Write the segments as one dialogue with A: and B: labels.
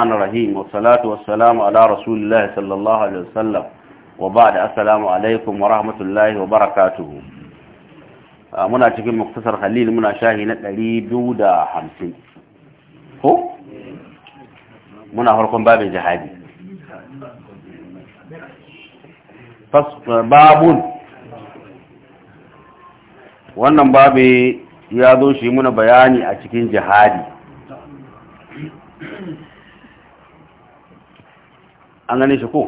A: الرحمن الرحيم والصلاة والسلام على رسول الله صلى الله عليه وسلم وبعد السلام عليكم ورحمة الله وبركاته منا cikin muktasar Khalil muna shahi na 250 ko muna harkon babin jihadi wannan babu ya zo shi muna bayani a cikin jihadi an gane shi ko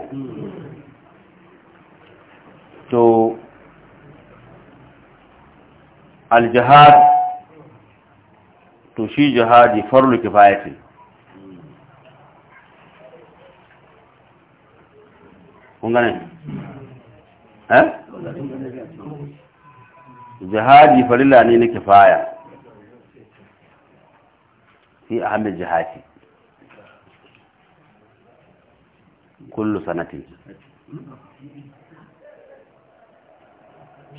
A: to aljihad to shi jihadi farlu kifayati kun gane eh jihadi farilla ne na kifaya fi ahamil jihadi kullu sanatin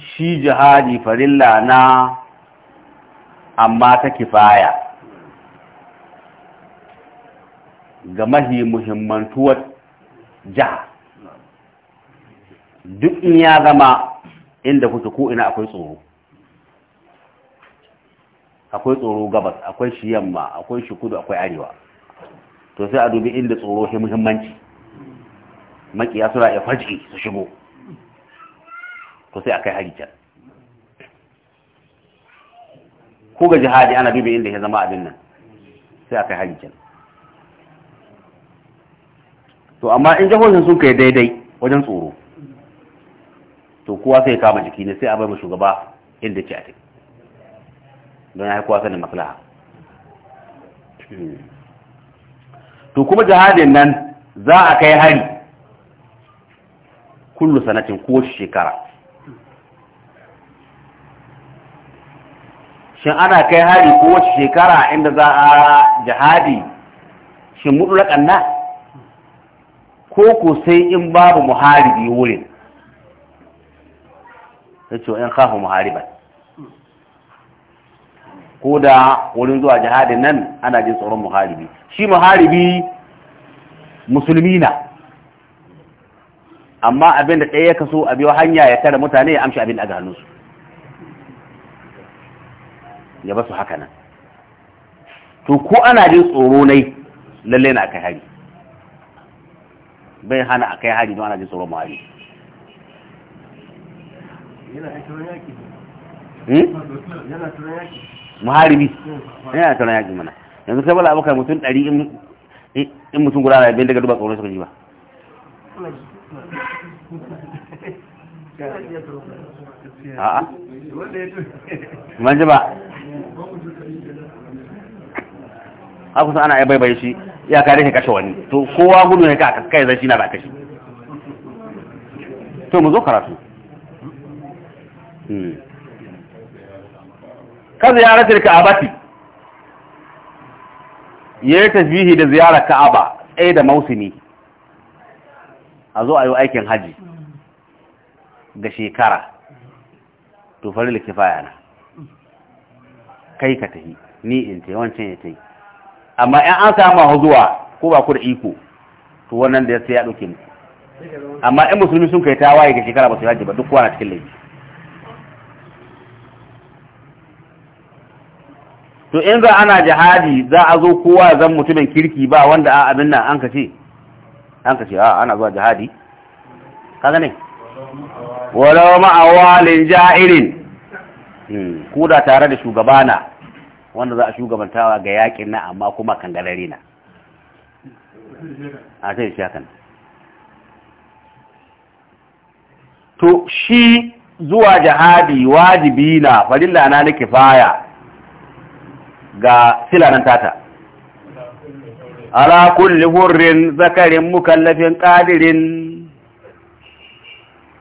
A: shi jihadi farilla na amma ta kifaya ga mahi muhimmantuwar jiha duk in ya zama inda kuke ko ina akwai tsoro akwai tsoro gabas akwai shi yamma akwai shi kudu akwai arewa to sai a dubi inda tsoro shi muhimmanci makiya suna ya farci su shigo to sai a kai hari can ko ga jihadi ana dubi inda ya zama abin nan sai a kai hari can to amma in jihohin sun kai daidai wajen tsoro to kowa sai kama jiki ne sai a bai mu shugaba inda ce a take don ya kowa sanin maslaha to kuma jihadin nan za a kai hari kullu sanatin kowace shekara shin ana kai hari kowace shekara inda za a jihadi shin mutulakan na ko ko sai in babu muharibi wurin sai ce in kafa muhariban ko da wurin zuwa jihadin nan ana jin tsoron muharibi shi muharibi musulmi na amma abin da ɗaya ya kaso a biyo hanya ya tara mutane ya amshi abin da aka su ya basu haka nan to ko ana jin tsoro nai lalle na kai hari bai hana a kai hari don ana jin tsoro mawari muharibi yana hmm? hmm. tsoron yaki mana yanzu kai bala abokan mutum ɗari in mutum guda na bin daga duba tsoron suka ji ba a'a manji ba a kusa ana yabai bai shi ya kare shi kashe wani to kowa gudu ne ka kai zai shi na da kashe to mu zo karatu hmm. ka ziyaratar ka'abati ya yi tafihi da ziyara ka'aba ɗaya da mausini. a zo a yi aikin haji ga shekara to fari da kifaya na kai ka tafi ni in ce wancan ya ce amma in an samu zuwa ko ba ku da iko to wannan da ya sai ya ɗauke ni amma in musulmi sun kai tawaye ga shekara ba su yaji ba duk kowa na cikin laifi to in za ana jihadi za a zo kowa zan mutumin kirki ba wanda a abin nan an ka ce an ka ce a ana zuwa jihadi kaga ne walau ma'awalin ja'irin hmm, ko da tare da shugabana wanda za a shugabantawa ga yakin na amma kuma kangarare na a ta yi shakan to shi zuwa jihadi wajibi na farilla na na kifaya ga silanan tata ala kulli hurrin zakarin mukallafin qadirin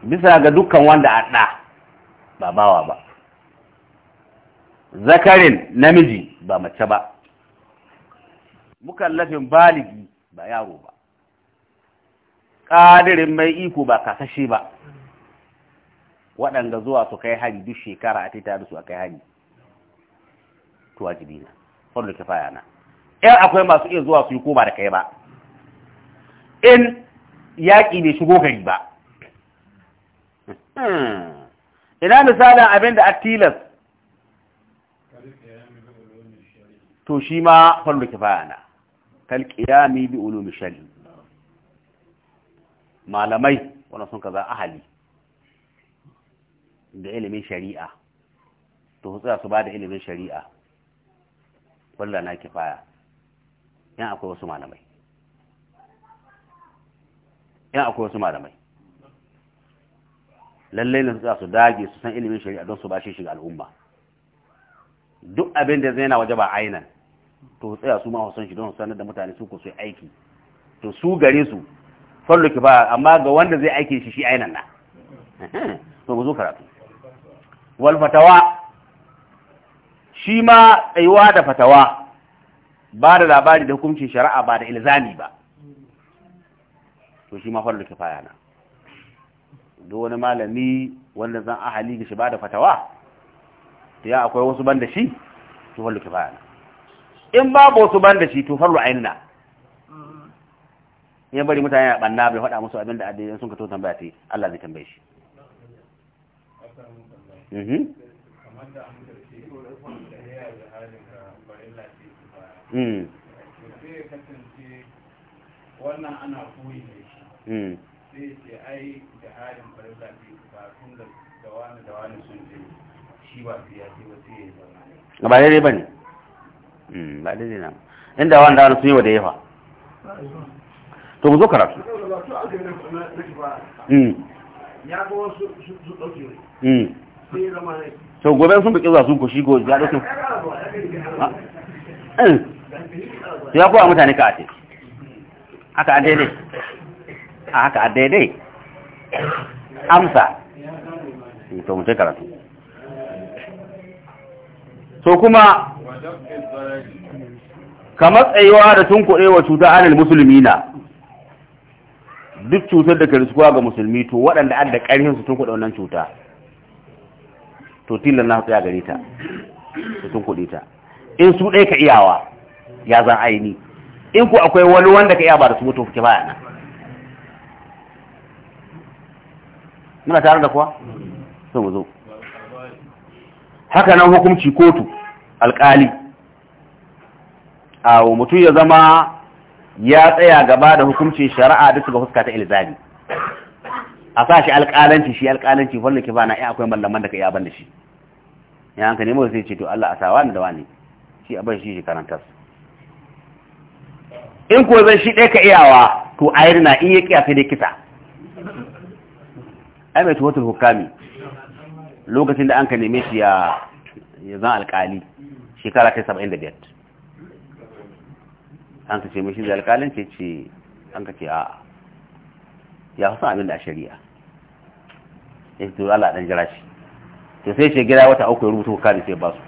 A: bisa ga dukkan wanda a ɗa ba bawa ba zakarin namiji ba mace ba mukallafin baligi ba yaro ba ƙadirin mai iko ba kasashe ba waɗanda zuwa su kai hari duk shekara a taita da su a kai hari to wajibi na farlu kifaya na in akwai masu iya zuwa su yi koma da kai ba in yaƙi bai shigo gari ba hmm. ina misalin abin da attilas to shi ma farlu kifaya na kalƙiyami bi ulu shari malamai wanda sun kaza ahali da ilimin shari'a to su tsaya su ba da ilimin shari'a wallana kifaya yan akwai wasu malamai yan akwai wasu malamai lallai ne su dage su san ilimin shari'a don su ba shi shiga al'umma duk abin da zai na waje ba ainihin to tsaya su ma san shi don sanar da mutane su ku su aiki to su gare su farlo ki ba amma ga wanda zai aiki shi shi ainihin na to ba zo karatu wal fatawa shi ma tsayuwa da fatawa ba da labari da hukuncin shari'a ba da ilzami ba to shi ma farlu kifaya na duk wani malami wanda zan ahali ga shi ba da fatawa to ya akwai wasu banda shi to farlu kifaya na in babu wasu banda shi to farlu na ya bari mutane a banna bai faɗa musu abin da addini sun ka to tambaya ta yi Allah zai tambaye shi mhm. Mm. sai kasance wannan ana koyi da shi mm. sai ce ai da halin ba da sun je shi ba su ba sai ya zauna ba daidai ba ne mm, ba daidai na inda wani dawane sun yi wa da yawa to mu zo karatu ya ga su ɗauke ne sai zama ne gobe sun buƙi zuwa sun ko shi ko ya ɗauke ya kowa mutane ka ce haka a daidai a haka a daidai amsa eh, to mutai karatu so kuma kamar tsayuwa da tun wa cuta anil musulmi na duk cutar da ka riskuwa ga musulmi to waɗanda an da ƙarfin su tun kuɗe wannan cuta to tilan na tsaya gare ta su tun kuɗe ta in su ɗaya ka iyawa ya zan aini in ku akwai wani wanda ka iya ba da su mutu fuke bayana muna tare da kuwa sun zo haka nan hukunci kotu alkali a mutum ya zama ya tsaya gaba da hukuncin shari'a duk suka fuska ta ilzami a sa shi alkalanci shi alkalanci wanda ke bana ya akwai mallaman da ka iya ban da shi ya hanka nemo sai ce to Allah a sa wani da wani shi a bai shi shi karantar in ko zan shi ɗaya ka iyawa to yi na in ya kiya sai dai kisa ai mai tuwatul hukami lokacin da an ka neme shi ya zan alkali shekara kai saba'in da biyar an ka ce mashi da alkalin ce ce an ka ce a ya fi abin da a shari'a ya fito ala ɗan jira shi to sai shi gida wata uku ya rubuta hukami sai ba su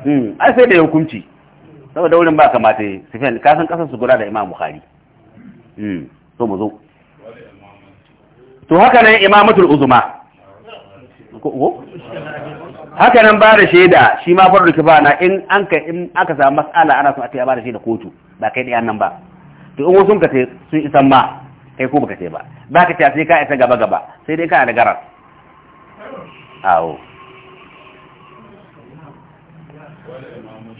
A: Hmm. ai sai da ya hukunci saboda wurin ba kamata ya sufiyan kasan kasar su guda da imam bukhari so hmm. mu zo to haka nan imamatul uzuma haka nan ba da shaida shi ma farko ba na in an ka in aka samu mas'ala ana son a taya ba da shaida kotu ba kai da nan ba to in wasu ka ce sun isan ma kai ko baka ce ba ba ka ce sai ka isa gaba gaba sai dai kana da garar awo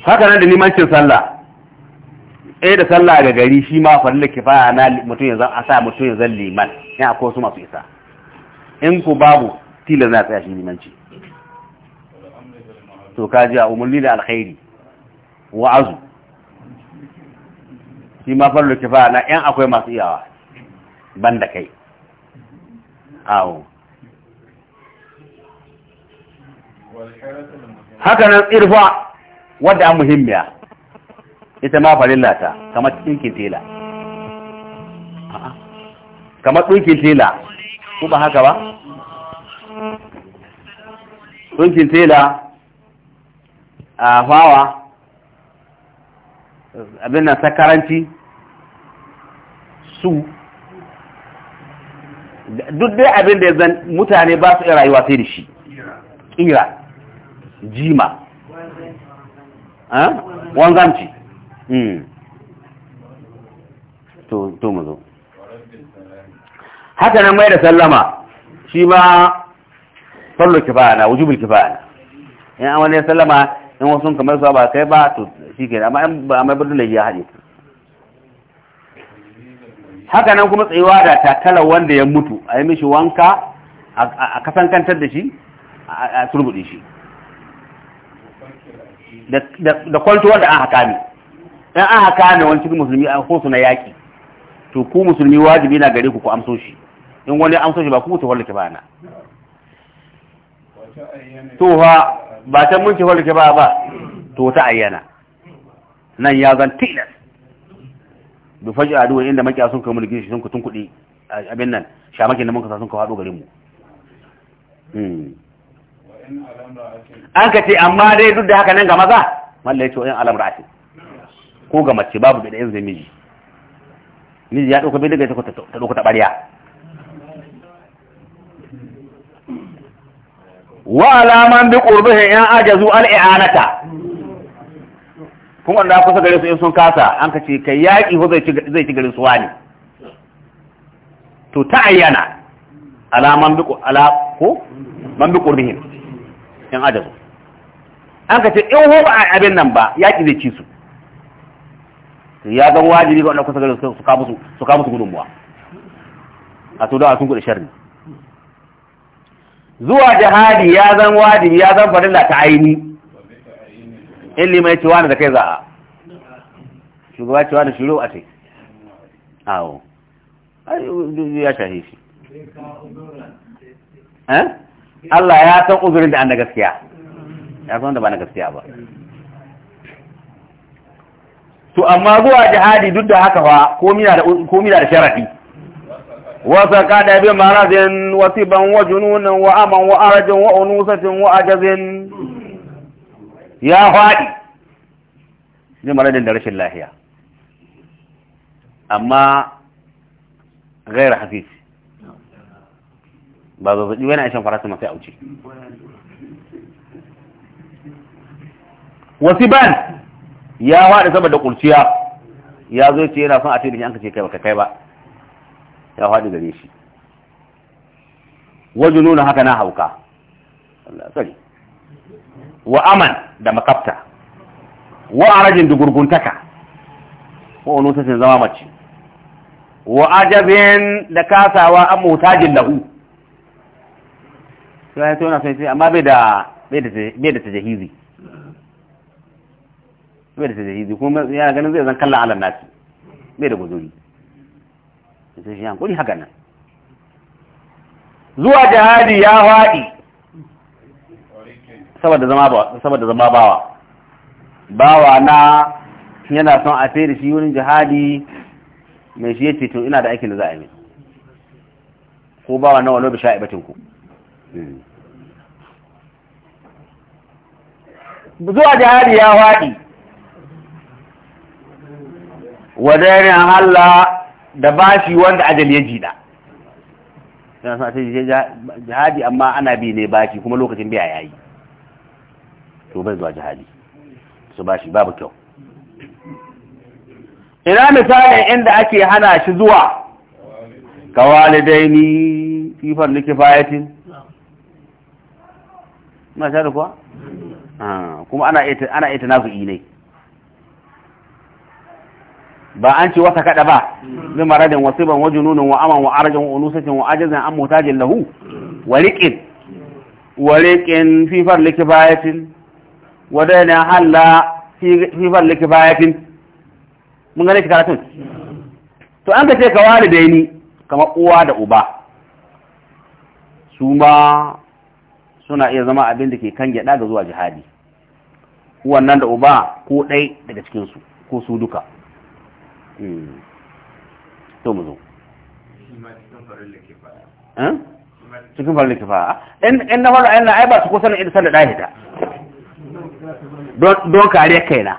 A: haka nan da nimancin sallah ɗaya da sallah ga gari shi ma farilla kifaya na mutum yanzu a sa mutum yanzu liman ya ko su masu isa in ku babu tilas na tsaya shi nimanci to ji a umarni da alkhairi wa'azu shi ma farilla kifaya na ɗan akwai masu iyawa ban da kai awo haka nan irfa wadda an muhimmiya ita ma farilla ta kamar ɗinkin tela kamar ɗinkin tela ko ba haka ba ɗinkin tela a fawa abin na sakaranci su duk dai abin da ya zan mutane ba su iya rayuwa sai da shi ƙira jima Eh? wanzanci hmm. to mu zo haka nan mai da sallama shi ma sallu kifaya na wujubul kifaya in an wani sallama in wasu kamar su ba kai ba to shi ke amma in ba mai birnin ya haɗe haka nan kuma tsayuwa da takalar wanda ya mutu a yi mishi wanka a kasankantar da shi a turbuɗe shi da kwantuwar wanda an haka ne in an haka ne wani cikin musulmi an so na yaki to ku musulmi wajibi na gare ku ku amso shi in wani amso shi ba ku ta wallake ba na to ha ba ta mun ce ke ba ba to ta ayyana nan ya zan tilas da faji a duwa inda makiya sun kai mulki sun kutun kuɗi abin nan shamakin da mun kasa sun kawo haɗo garin mu hmm. an ka ce amma dai duk da haka nan ga maza malla ya ce alam ra'ati ko ga mace babu bid'a yanzu miji miji ya dauka bai ta ta ɗauka ta ɓarya wa alaman bi qurbihi yan ajazu al'i'anata kuma da kusa gare su in sun kasa an ka ce kai yaki ko zai ci garin su wani to ta ayyana alaman bi ko man bi in ajazu an ka ce in ho a abin nan ba yaƙi zai ci su ya zan wajibi ga wanda kusa gari su kama musu su gudunmuwa a to da sun kuɗi sharri zuwa jihadi ya zan wajibi ya zan farilla ta aini in limai cewa da kai za'a shugaba cewa da shiru a ce awo ya shahi shi eh Allah ya san uzurin da an da gaskiya ya san da ba na gaskiya ba to amma zuwa jihadi duk da haka fa komina da da sharafi, wasa da bi marazin wasiban wa jununan wa aman wa arajin wa unusatin wa ajazin ya faɗi ne maradin da rashin lahiya amma gaira hafifi. ba zazzaɓi wani a shan farasima sai a wuce wasu ban ya waɗa saboda ƙurciya ya zo ce yana son a ce da an ka ce kai ba ka kai ba ya faɗi gare shi wajen nuna haka na hauka wa aman da makafta wa arajin da gurguntaka wa wani sun zama mace wa ajabin da kasawa an mutajin lahu to ya tona sai amma bai da bai da bai da tajahizi bai da tajahizi kuma yana ganin zai zan kalla ala nasi bai da guzuri sai shi hankuri haka nan zuwa jihadi ya faɗi saboda zama saboda zama bawa bawa na yana son a fere shi wurin jihadi mai shi yace to ina da aikin da za a yi ko bawa nawa lobe sha'ibatin ku hmm. zuwa jihadi ya faɗi wadarin halla da bashi wanda ajal ya jida yana sa ce jihadi amma ana bi ne baki kuma lokacin biya yayi, to bai zuwa jihadi su bashi babu kyau ina misalin inda ake hana shi zuwa ka walidaini fifan da kifayatin na sha da kuwa Ah, kuma ana ita ana ita ne ba an ce wata kada ba bi maradin wasiban wa jununun wa aman wa arjan wa nusatin wa ajazan an mutajin lahu wa riqin wa riqin fi farli kifayatin wa dana halla fi farli kifayatin mun ga ne karatun to an ka ce ka walidaini kamar uwa da uba su ma suna iya zama abin da ke kan gyada ga zuwa jihadi wannan da uba ko ɗai daga cikinsu ko su duka hmm. to mu zo cikin farin fara? in na faru a ai ba su kusa na ita da ɗaya ta
B: don kariya kaina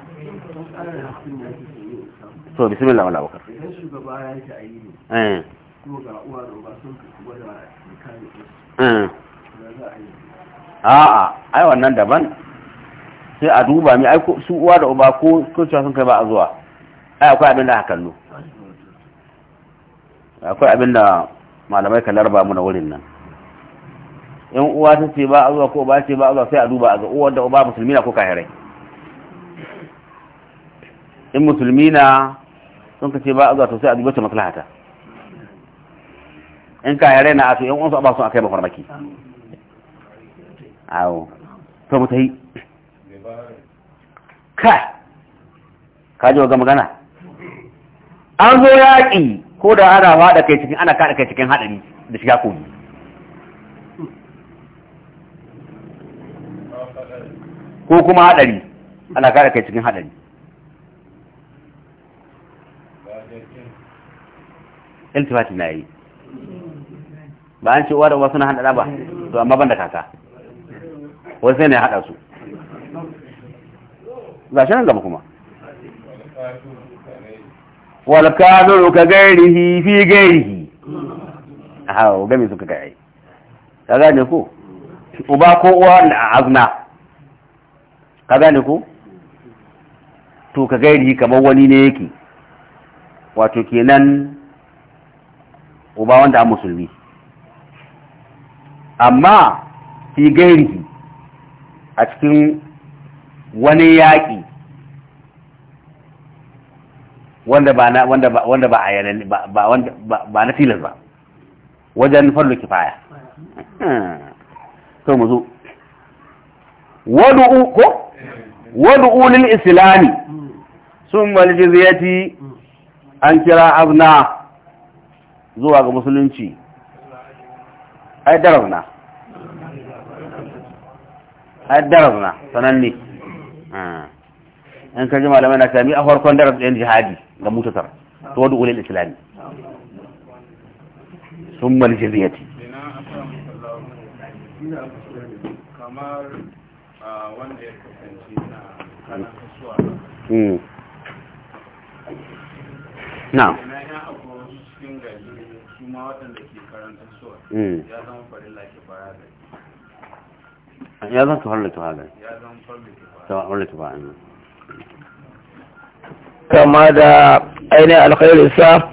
A: to bismillah wala bakar idan ya yi ta ayi ne eh. ko ga uwa da uba sun a'a ai wannan daban sai a duba mai ai su uwa da uba ko ko sun kai ba a zuwa ai akwai abin da haka kallo akwai abin da malamai kallar ba mu na wurin nan in uwa ta ce ba a zuwa ko ba ce ba a zuwa sai a duba a ga uwar da uba musulmi na ko kahirai in musulmi na sun ka ce ba a zuwa to sai a duba ta maslahata in kahirai na a to yan uwansu ba su a kai mafarmaki awo to mu tahi ka ka ji ga magana an zo yaƙi ko da ana faɗa kai cikin ana kaɗa kai cikin haɗari da shiga kogi ko kuma haɗari ana kaɗa kai cikin haɗari iltifati na yi ba an ce uwa da uwa suna haɗaɗa ba to amma ban da kaka wai sai ne haɗa su ga shi nan gama kuma wal kafiru ka gairihi fi gairihi hau game suka kai ka gane ku uba ko uwa na azna ka gane ku to ka gairihi kamar wani ne yake wato kenan uba wanda a musulmi amma fi gairihi a cikin wani yaƙi wanda ba na wanda ba wanda ba ba ba wanda ba na tilas ba wajen fallo kifaya hmm. to mu zo wadu'u ko wadu'u lil islami sun lil ziyati an kira abna zuwa ga musulunci ai darawna addarar na sananne in ka ji malamai na sami a farkon darar ɗayan jihadi ga mutatar to wadda ulil islami sun mani jiziyati kamar hmm. wanda ya kasance na kanan kasuwa na cikin gari su ma waɗanda ke karanta suwa ya zama farin hmm. lake fara da يا ذا تهلت هذا تهلت فاعل كما دا أين الخير الإسلام